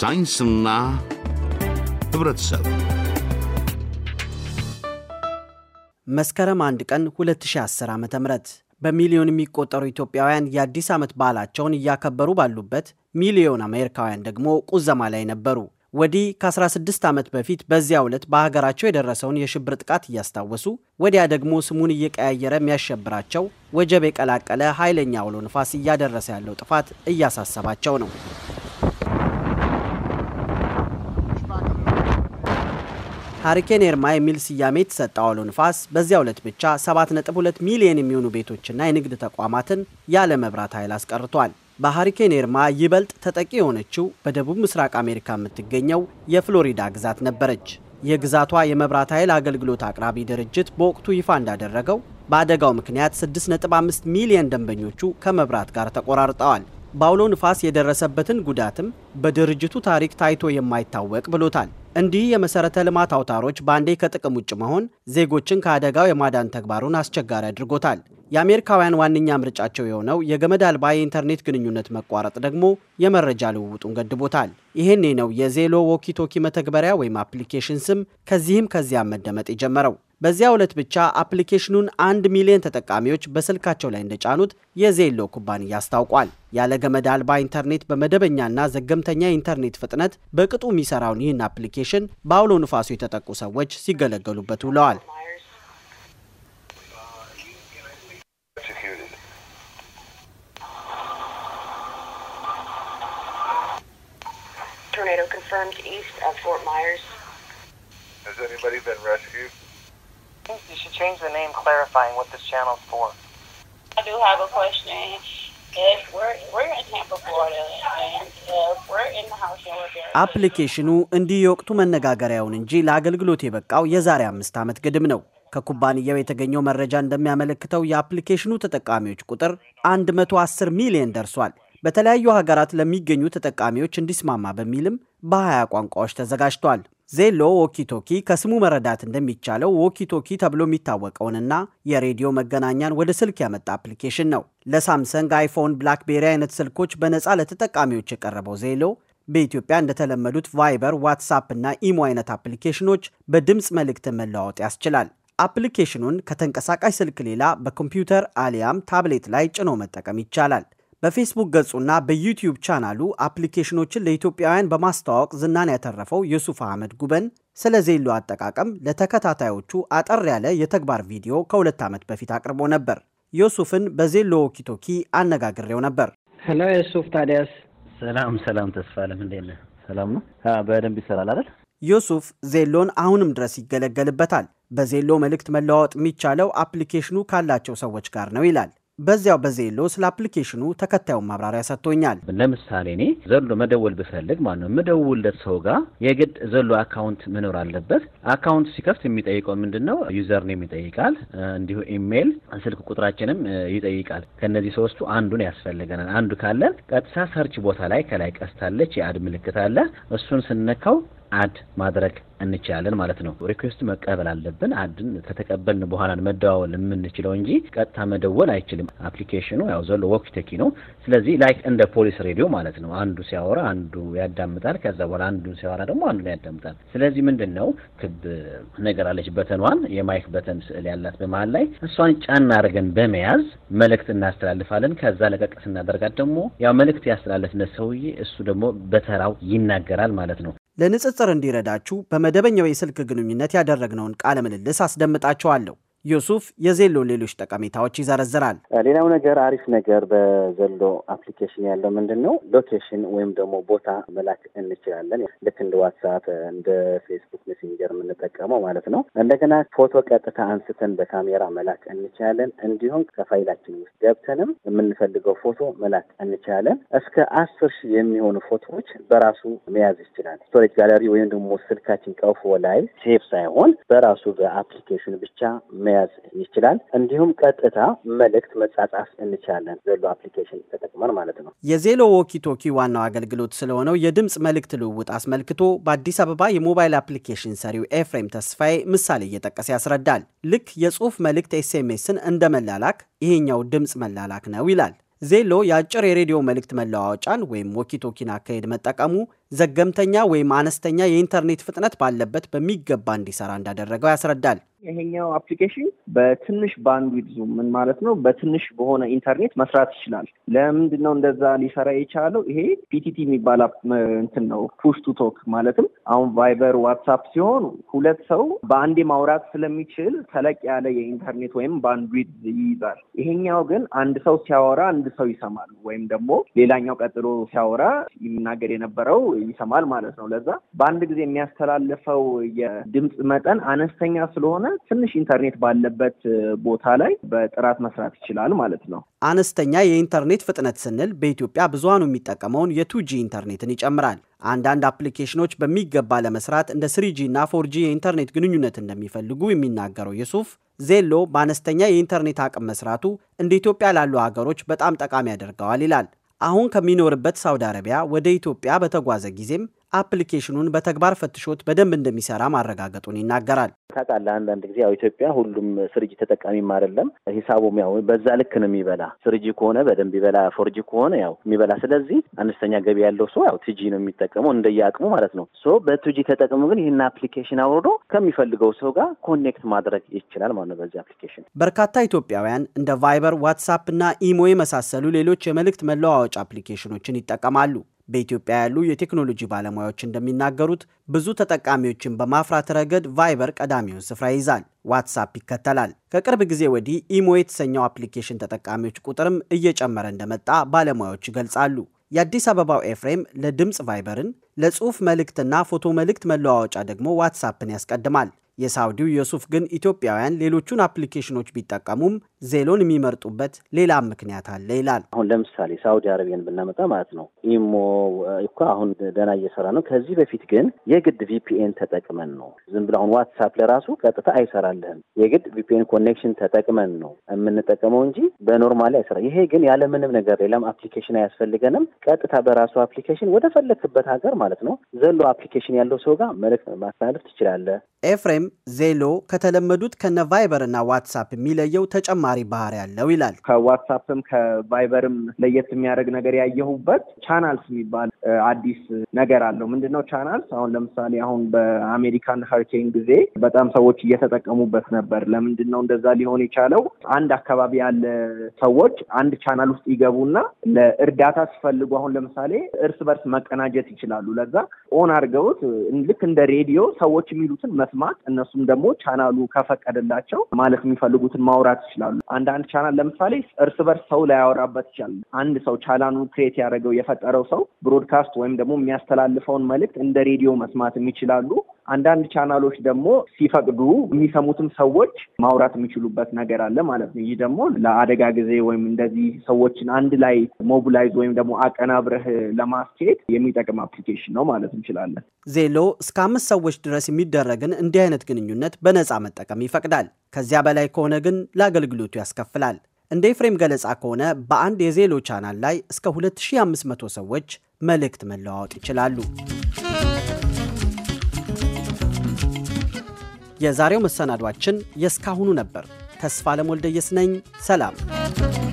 ሳይንስና ህብረተሰብ መስከረም አንድ ቀን 2010 ዓ ም በሚሊዮን የሚቆጠሩ ኢትዮጵያውያን የአዲስ ዓመት በዓላቸውን እያከበሩ ባሉበት ሚሊዮን አሜሪካውያን ደግሞ ቁዘማ ላይ ነበሩ። ወዲህ ከ16 ዓመት በፊት በዚያ ዕለት በሀገራቸው የደረሰውን የሽብር ጥቃት እያስታወሱ ወዲያ ደግሞ ስሙን እየቀያየረ የሚያሸብራቸው ወጀብ የቀላቀለ ኃይለኛ አውሎ ንፋስ እያደረሰ ያለው ጥፋት እያሳሰባቸው ነው። ሀሪኬን ኤርማ የሚል ስያሜ የተሰጠው አውሎ ንፋስ በዚያ ዕለት ብቻ 7.2 ሚሊዮን የሚሆኑ ቤቶችና የንግድ ተቋማትን ያለ መብራት ኃይል አስቀርቷል። በሀሪኬን ኤርማ ይበልጥ ተጠቂ የሆነችው በደቡብ ምስራቅ አሜሪካ የምትገኘው የፍሎሪዳ ግዛት ነበረች። የግዛቷ የመብራት ኃይል አገልግሎት አቅራቢ ድርጅት በወቅቱ ይፋ እንዳደረገው በአደጋው ምክንያት 6.5 ሚሊዮን ደንበኞቹ ከመብራት ጋር ተቆራርጠዋል። በአውሎ ንፋስ የደረሰበትን ጉዳትም በድርጅቱ ታሪክ ታይቶ የማይታወቅ ብሎታል። እንዲህ የመሰረተ ልማት አውታሮች በአንዴ ከጥቅም ውጭ መሆን ዜጎችን ከአደጋው የማዳን ተግባሩን አስቸጋሪ አድርጎታል። የአሜሪካውያን ዋነኛ ምርጫቸው የሆነው የገመድ አልባ የኢንተርኔት ግንኙነት መቋረጥ ደግሞ የመረጃ ልውውጡን ገድቦታል። ይህኔ ነው የዜሎ ዎኪቶኪ መተግበሪያ ወይም አፕሊኬሽን ስም ከዚህም ከዚያም መደመጥ የጀመረው። በዚያ ዕለት ብቻ አፕሊኬሽኑን አንድ ሚሊዮን ተጠቃሚዎች በስልካቸው ላይ እንደጫኑት የዜሎ ኩባንያ አስታውቋል። ያለ ገመድ አልባ ኢንተርኔት በመደበኛና ዘገምተኛ የኢንተርኔት ፍጥነት በቅጡ የሚሰራውን ይህን አፕሊኬሽን በአውሎ ንፋሱ የተጠቁ ሰዎች ሲገለገሉበት ውለዋል። confirmed east of Fort Myers. Has anybody been rescued? I think you should change the name clarifying what this channel's for. I do have a question. አፕሊኬሽኑ እንዲህ የወቅቱ መነጋገሪያውን እንጂ ለአገልግሎት የበቃው የዛሬ አምስት ዓመት ግድም ነው። ከኩባንያው የተገኘው መረጃ እንደሚያመለክተው የአፕሊኬሽኑ ተጠቃሚዎች ቁጥር 110 ሚሊዮን ደርሷል። በተለያዩ ሀገራት ለሚገኙ ተጠቃሚዎች እንዲስማማ በሚልም በሀያ ቋንቋዎች ተዘጋጅቷል። ዜሎ ወኪቶኪ ከስሙ መረዳት እንደሚቻለው ወኪቶኪ ተብሎ የሚታወቀውንና የሬዲዮ መገናኛን ወደ ስልክ ያመጣ አፕሊኬሽን ነው። ለሳምሰንግ፣ አይፎን፣ ብላክቤሪ አይነት ስልኮች በነፃ ለተጠቃሚዎች የቀረበው ዜሎ በኢትዮጵያ እንደተለመዱት ቫይበር፣ ዋትሳፕ እና ኢሞ አይነት አፕሊኬሽኖች በድምፅ መልእክት መለዋወጥ ያስችላል። አፕሊኬሽኑን ከተንቀሳቃሽ ስልክ ሌላ በኮምፒውተር አሊያም ታብሌት ላይ ጭኖ መጠቀም ይቻላል። በፌስቡክ ገጹና በዩቲዩብ ቻናሉ አፕሊኬሽኖችን ለኢትዮጵያውያን በማስተዋወቅ ዝናን ያተረፈው ዩሱፍ አህመድ ጉበን ስለ ዜሎ አጠቃቀም ለተከታታዮቹ አጠር ያለ የተግባር ቪዲዮ ከሁለት ዓመት በፊት አቅርቦ ነበር። ዮሱፍን በዜሎ ኪቶኪ አነጋግሬው ነበር። ሄሎ ዮሱፍ ታዲያስ፣ ሰላም ሰላም። ተስፋ አለም እንዴት ነህ? ሰላም ነው። በደንብ ይሰራል አይደል? ዮሱፍ ዜሎን አሁንም ድረስ ይገለገልበታል። በዜሎ መልእክት መለዋወጥ የሚቻለው አፕሊኬሽኑ ካላቸው ሰዎች ጋር ነው ይላል። በዚያው በዜሎ ስለ አፕሊኬሽኑ ተከታዩን ማብራሪያ ሰጥቶኛል። ለምሳሌ እኔ ዘሎ መደወል ብፈልግ ማለት ነው የምደውልለት ሰው ጋር የግድ ዘሎ አካውንት መኖር አለበት። አካውንት ሲከፍት የሚጠይቀው ምንድን ነው? ዩዘርኔም ይጠይቃል፣ እንዲሁ ኢሜይል፣ ስልክ ቁጥራችንም ይጠይቃል። ከእነዚህ ሶስቱ አንዱን ያስፈልገናል። አንዱ ካለን ቀጥታ ሰርች ቦታ ላይ ከላይ ቀስታለች የአድ ምልክት አለ። እሱን ስነካው አድ ማድረግ እንችላለን ማለት ነው። ሪኩዌስት መቀበል አለብን። አድን ከተቀበልን በኋላ መደዋወል የምንችለው እንጂ ቀጥታ መደወል አይችልም። አፕሊኬሽኑ ያው ዘሎ ተኪ ነው። ስለዚህ ላይክ እንደ ፖሊስ ሬዲዮ ማለት ነው። አንዱ ሲያወራ አንዱ ያዳምጣል። ከዛ በኋላ አንዱ ሲያወራ ደግሞ አንዱ ያዳምጣል። ስለዚህ ምንድን ነው ክብ ነገር አለች በተኗን የማይክ በተን ስዕል ያላት በመሀል ላይ እሷን ጫና አድርገን በመያዝ መልእክት እናስተላልፋለን። ከዛ ለቀቅ ስናደርጋት ደግሞ ያው መልእክት ያስተላለፍነት ሰውዬ እሱ ደግሞ በተራው ይናገራል ማለት ነው። ለንጽጽር እንዲረዳችሁ በመደበኛው የስልክ ግንኙነት ያደረግነውን ቃለ ምልልስ አስደምጣችኋለሁ። ዮሱፍ የዜሎ ሌሎች ጠቀሜታዎች ይዘረዝራል። ሌላው ነገር አሪፍ ነገር በዘሎ አፕሊኬሽን ያለው ምንድን ነው? ሎኬሽን ወይም ደግሞ ቦታ መላክ እንችላለን። ልክ እንደ ዋትሳፕ፣ እንደ ፌስቡክ ሜሴንጀር የምንጠቀመው ማለት ነው። እንደገና ፎቶ ቀጥታ አንስተን በካሜራ መላክ እንችላለን። እንዲሁም ከፋይላችን ውስጥ ገብተንም የምንፈልገው ፎቶ መላክ እንችላለን። እስከ አስር ሺህ የሚሆኑ ፎቶዎች በራሱ መያዝ ይችላል። ስቶሬጅ ጋለሪ ወይም ደግሞ ስልካችን ቀፎ ላይ ሴፍ ሳይሆን በራሱ በአፕሊኬሽን ብቻ መያዝ ይችላል። እንዲሁም ቀጥታ መልእክት መጻጻፍ እንችላለን ዘሎ አፕሊኬሽን ተጠቅመን ማለት ነው። የዜሎ ወኪቶኪ ዋናው አገልግሎት ስለሆነው የድምፅ መልእክት ልውውጥ አስመልክቶ በአዲስ አበባ የሞባይል አፕሊኬሽን ሰሪው ኤፍሬም ተስፋዬ ምሳሌ እየጠቀሰ ያስረዳል። ልክ የጽሁፍ መልእክት ኤስኤምኤስን እንደ መላላክ ይሄኛው ድምፅ መላላክ ነው ይላል። ዜሎ የአጭር የሬዲዮ መልእክት መለዋወጫን ወይም ወኪቶኪን አካሄድ መጠቀሙ ዘገምተኛ ወይም አነስተኛ የኢንተርኔት ፍጥነት ባለበት በሚገባ እንዲሰራ እንዳደረገው ያስረዳል። ይሄኛው አፕሊኬሽን በትንሽ ባንድዊድዙ ምን ማለት ነው? በትንሽ በሆነ ኢንተርኔት መስራት ይችላል። ለምንድን ነው እንደዛ ሊሰራ የቻለው? ይሄ ፒቲቲ የሚባል እንትን ነው፣ ፑሽ ቱ ቶክ ማለትም አሁን ቫይበር፣ ዋትሳፕ ሲሆን ሁለት ሰው በአንዴ ማውራት ስለሚችል ተለቅ ያለ የኢንተርኔት ወይም ባንድዊድ ይይዛል። ይሄኛው ግን አንድ ሰው ሲያወራ አንድ ሰው ይሰማል፣ ወይም ደግሞ ሌላኛው ቀጥሎ ሲያወራ የሚናገር የነበረው ይሰማል ማለት ነው። ለዛ በአንድ ጊዜ የሚያስተላልፈው የድምፅ መጠን አነስተኛ ስለሆነ ትንሽ ኢንተርኔት ባለበት ቦታ ላይ በጥራት መስራት ይችላል ማለት ነው። አነስተኛ የኢንተርኔት ፍጥነት ስንል በኢትዮጵያ ብዙሃኑ የሚጠቀመውን የቱጂ ኢንተርኔትን ይጨምራል። አንዳንድ አፕሊኬሽኖች በሚገባ ለመስራት እንደ ስሪጂ እና ፎርጂ የኢንተርኔት ግንኙነት እንደሚፈልጉ የሚናገረው የሱፍ ዜሎ በአነስተኛ የኢንተርኔት አቅም መስራቱ እንደ ኢትዮጵያ ላሉ ሀገሮች በጣም ጠቃሚ ያደርገዋል ይላል። አሁን ከሚኖርበት ሳውዲ አረቢያ ወደ ኢትዮጵያ በተጓዘ ጊዜም አፕሊኬሽኑን በተግባር ፈትሾት በደንብ እንደሚሰራ ማረጋገጡን ይናገራል። ታውቃለህ አንዳንድ ጊዜ ያው ኢትዮጵያ ሁሉም ስርጅ ተጠቃሚም አይደለም። ሂሳቡም ያው በዛ ልክ ነው የሚበላ። ስርጅ ከሆነ በደንብ ይበላ፣ ፎርጅ ከሆነ ያው የሚበላ። ስለዚህ አነስተኛ ገቢ ያለው ሰው ያው ቱጂ ነው የሚጠቀመው እንደየአቅሙ ማለት ነው። ሶ በቱጂ ተጠቅሞ ግን ይህን አፕሊኬሽን አውርዶ ከሚፈልገው ሰው ጋር ኮኔክት ማድረግ ይችላል ማለት ነው። በዚህ አፕሊኬሽን በርካታ ኢትዮጵያውያን እንደ ቫይበር፣ ዋትሳፕ እና ኢሞ የመሳሰሉ ሌሎች የመልእክት መለዋወጫ አፕሊኬሽኖችን ይጠቀማሉ። በኢትዮጵያ ያሉ የቴክኖሎጂ ባለሙያዎች እንደሚናገሩት ብዙ ተጠቃሚዎችን በማፍራት ረገድ ቫይበር ቀዳሚውን ስፍራ ይይዛል፣ ዋትሳፕ ይከተላል። ከቅርብ ጊዜ ወዲህ ኢሞ የተሰኘው አፕሊኬሽን ተጠቃሚዎች ቁጥርም እየጨመረ እንደመጣ ባለሙያዎች ይገልጻሉ። የአዲስ አበባው ኤፍሬም ለድምፅ ቫይበርን፣ ለጽሑፍ መልእክትና ፎቶ መልእክት መለዋወጫ ደግሞ ዋትሳፕን ያስቀድማል። የሳውዲው ዮሱፍ ግን ኢትዮጵያውያን ሌሎቹን አፕሊኬሽኖች ቢጠቀሙም ዜሎን የሚመርጡበት ሌላ ምክንያት አለ ይላል። አሁን ለምሳሌ ሳውዲ አረቢያን ብናመጣ ማለት ነው ኢሞ እኮ አሁን ደህና እየሰራ ነው። ከዚህ በፊት ግን የግድ ቪፒኤን ተጠቅመን ነው። ዝም ብለ አሁን ዋትሳፕ ለራሱ ቀጥታ አይሰራልህም። የግድ ቪፒኤን ኮኔክሽን ተጠቅመን ነው የምንጠቀመው እንጂ በኖርማሊ አይሰራ። ይሄ ግን ያለምንም ነገር ሌላም አፕሊኬሽን አያስፈልገንም። ቀጥታ በራሱ አፕሊኬሽን ወደ ፈለግክበት ሀገር ማለት ነው ዘሎ አፕሊኬሽን ያለው ሰው ጋር መልዕክት ማስተላለፍ ትችላለህ። ኤፍሬም ዜሎ ከተለመዱት ከነ ቫይበር እና ዋትሳፕ የሚለየው ተጨማሪ ባህሪ ያለው ይላል። ከዋትሳፕም ከቫይበርም ለየት የሚያደርግ ነገር ያየሁበት ቻናልስ የሚባል አዲስ ነገር አለው። ምንድነው ቻናልስ? አሁን ለምሳሌ አሁን በአሜሪካን ሀሪኬን ጊዜ በጣም ሰዎች እየተጠቀሙበት ነበር። ለምንድን ነው እንደዛ ሊሆን የቻለው? አንድ አካባቢ ያለ ሰዎች አንድ ቻናል ውስጥ ይገቡና ለእርዳታ ሲፈልጉ አሁን ለምሳሌ እርስ በርስ መቀናጀት ይችላሉ። ለዛ ኦን አድርገውት ልክ እንደ ሬዲዮ ሰዎች የሚሉትን መስማት እና እነሱም ደግሞ ቻናሉ ከፈቀደላቸው ማለት የሚፈልጉትን ማውራት ይችላሉ። አንዳንድ ቻናል ለምሳሌ እርስ በርስ ሰው ላያወራበት ይችላል። አንድ ሰው ቻናሉ ክሬት ያደረገው የፈጠረው ሰው ብሮድካስት ወይም ደግሞ የሚያስተላልፈውን መልእክት እንደ ሬዲዮ መስማትም ይችላሉ። አንዳንድ ቻናሎች ደግሞ ሲፈቅዱ የሚሰሙትም ሰዎች ማውራት የሚችሉበት ነገር አለ ማለት ነው። ይህ ደግሞ ለአደጋ ጊዜ ወይም እንደዚህ ሰዎችን አንድ ላይ ሞቢላይዝ ወይም ደግሞ አቀናብረህ ለማስኬድ የሚጠቅም አፕሊኬሽን ነው ማለት እንችላለን። ዜሎ እስከ አምስት ሰዎች ድረስ የሚደረግን እንዲህ አይነት ግንኙነት በነፃ መጠቀም ይፈቅዳል። ከዚያ በላይ ከሆነ ግን ለአገልግሎቱ ያስከፍላል። እንደ ኤፍሬም ገለጻ ከሆነ በአንድ የዜሎ ቻናል ላይ እስከ 2500 ሰዎች መልእክት መለዋወጥ ይችላሉ። የዛሬው መሰናዷችን የእስካሁኑ ነበር። ተስፋ ለሞልደየስ ነኝ። ሰላም